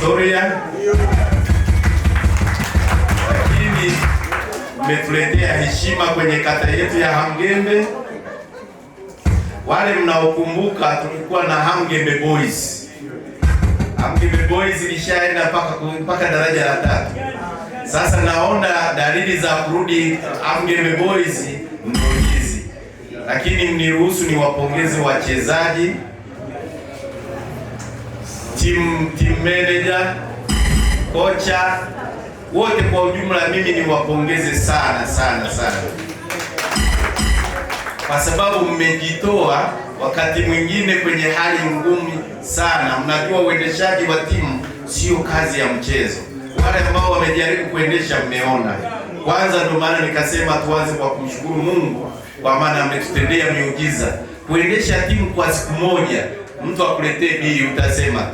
Soria, lakini mmetuletea heshima kwenye kata yetu ya Hamgembe. Wale mnaokumbuka, tulikuwa na Hamgembe Boys. Hamgembe Boys ilishaenda mpaka daraja la tatu. Sasa naona dalili za kurudi Hamgembe Boys mnaojizi, lakini mniruhusu niwapongeze wachezaji team, team manager, kocha wote kwa ujumla, mimi niwapongeze sana sana sana kwa sababu mmejitoa wakati mwingine kwenye hali ngumu sana. Mnajua uendeshaji wa timu sio kazi ya mchezo. Wale ambao wamejaribu kuendesha mmeona. Kwanza ndio maana nikasema tuanze kwa kumshukuru Mungu kwa maana ametutendea miujiza. Kuendesha timu kwa siku moja, mtu akuletee bii, utasema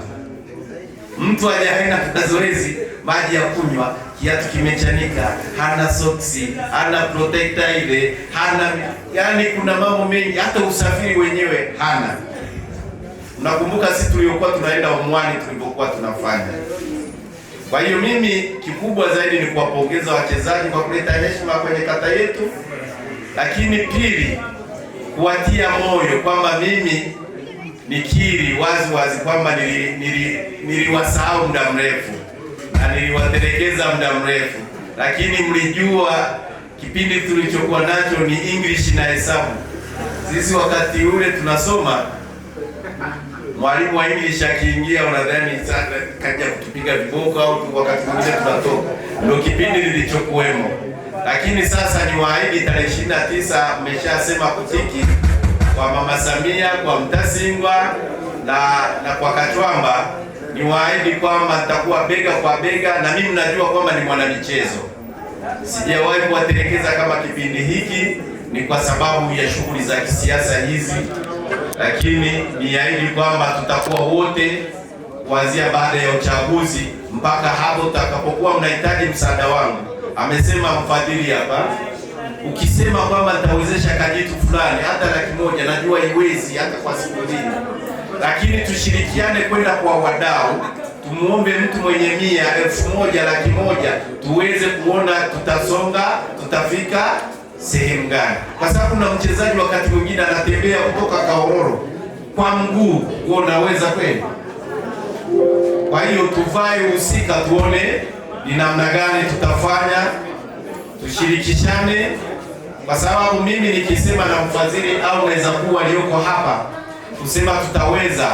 Mtu hajaenda kwa zoezi, maji ya kunywa, kiatu kimechanika, hana soksi, hana protekta ile, hana yani, kuna mambo mengi, hata usafiri wenyewe hana. Nakumbuka sisi tuliokuwa tunaenda Umwani tulipokuwa tunafanya. Kwa hiyo mimi kikubwa zaidi ni kuwapongeza wachezaji kwa kuleta heshima kwenye kata yetu, lakini pili kuwatia moyo kwamba mimi nikiri wazi wazi kwamba niliwasahau nili, nili muda mrefu na niliwatelekeza muda mrefu, lakini mlijua kipindi tulichokuwa nacho ni English na hesabu. Sisi wakati ule tunasoma, mwalimu wa English akiingia, unadhani kaja kutupiga viboko au wakati mwingine tunatoka. Ndio kipindi nilichokuwemo, lakini sasa ni waahidi, tarehe 29 mmeshasema kutiki kwa Mama Samia, kwa Mtasingwa na, na kwa Katwamba niwaahidi kwamba nitakuwa bega kwa bega, na mimi najua kwamba ni mwanamichezo, sijawahi kuwatelekeza kama kipindi hiki, ni kwa sababu ya shughuli za kisiasa hizi, lakini niahidi kwamba tutakuwa wote kuanzia baada ya uchaguzi mpaka hapo tutakapokuwa mnahitaji msaada wangu. Amesema mfadhili hapa Ukisema kwamba nitawezesha yetu fulani hata laki moja, najua iwezi hata kwa siku nyingi, lakini tushirikiane kwenda kwa wadau, tumuombe mtu mwenye mia elfu moja laki moja, tuweze kuona tutasonga, tutafika sehemu gani, kwa sababu na mchezaji wakati mwingine anatembea kutoka Kaororo kwa mguu huo, unaweza kweli? Kwa hiyo tuvae husika, tuone ni namna gani tutafanya, tushirikishane kwa sababu mimi nikisema na mfadhili au naweza kuwa aliyoko hapa kusema tutaweza,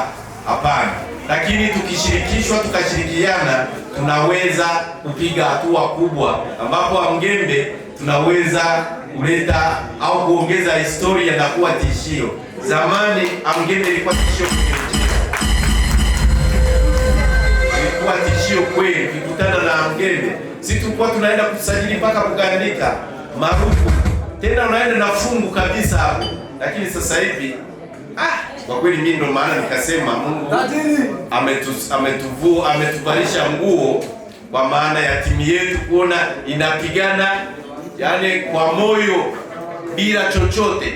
hapana, lakini tukishirikishwa, tukashirikiana, tunaweza kupiga hatua kubwa, ambapo amgembe tunaweza kuleta au kuongeza historia na kuwa tishio. Zamani Amgembe ilikuwa tishio ilikuwa tishio kweli. Kikutana na Amgembe si tulikuwa tunaenda kusajili mpaka kugandika marufu tena unaenda na fungu kabisa hapo, lakini sasa hivi ah, kwa kweli mimi ndo maana nikasema Mungu ametuvalisha ametu, ametu nguo kwa maana ya timu yetu kuona inapigana yani kwa moyo bila chochote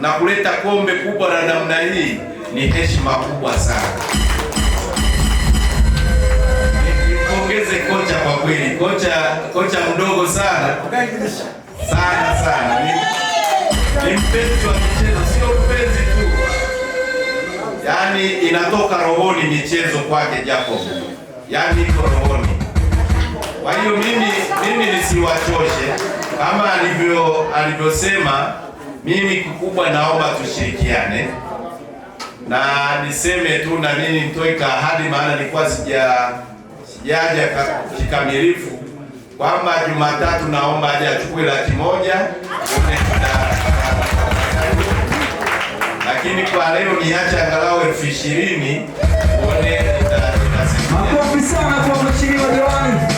na kuleta kombe kubwa la na namna hii ni heshima kubwa sana. Nipongeze kocha kwa kweli, kocha kocha mdogo sana sana sana. Ni mpenzi wa michezo, sio mpenzi tu, yaani inatoka rohoni michezo kwake, Jacob, yaani iko rohoni. Kwa hiyo mimi mimi nisiwachoshe, kama alivyo alivyosema, mimi kikubwa naomba tushirikiane na niseme tu na nini, nitoe ahadi, maana nilikuwa sija sijaja kikamilifu kwamba Jumatatu naomba aje achukue laki moja lakini kwa leo niache angalau elfu ishirini. Uh, Makofi sana kwa mheshimiwa diwani.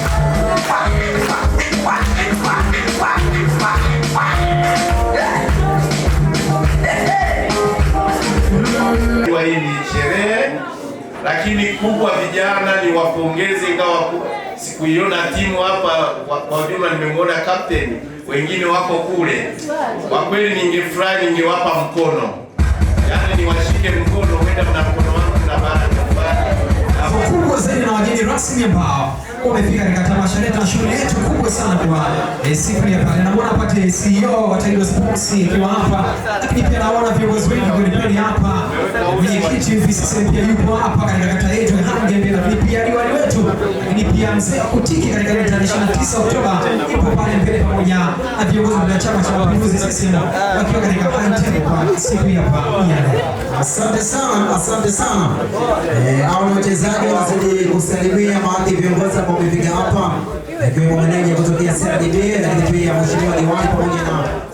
lakini kubwa vijana ni wapongeze, ingawa sikuiona timu hapa kwa juma, nimemwona captain, wengine wako kule. Kwa kweli ningefurahi ningewapa mkono, yaani niwashike mkono, wenda mna mkono wangu na baada ya na zaidi na wageni rasmi ambao umefika katika tamasha letu na shughuli yetu kubwa sana kwa eh, siku ya pale. Naona pate CEO wa Tigo Sports kwa hapa, lakini pia naona viongozi wengi kwa ndani hapa. Mwenyekiti VCC pia yupo hapa katika kata yetu, na hadi pia diwani wetu ya mzee katika tarehe 29 Oktoba ipo pale mbele pamoja na viongozi wa Chama cha Mapinduzi CCM wakiwa katika Antebo kwa siku ya pamoja. Asante sana, asante sana. Eh, hao wachezaji wazidi kusalimia baadhi viongozi ambao wamefika hapa, ikiwemo meneja kutokea CRDB, lakini pia mheshimiwa diwani pamoja na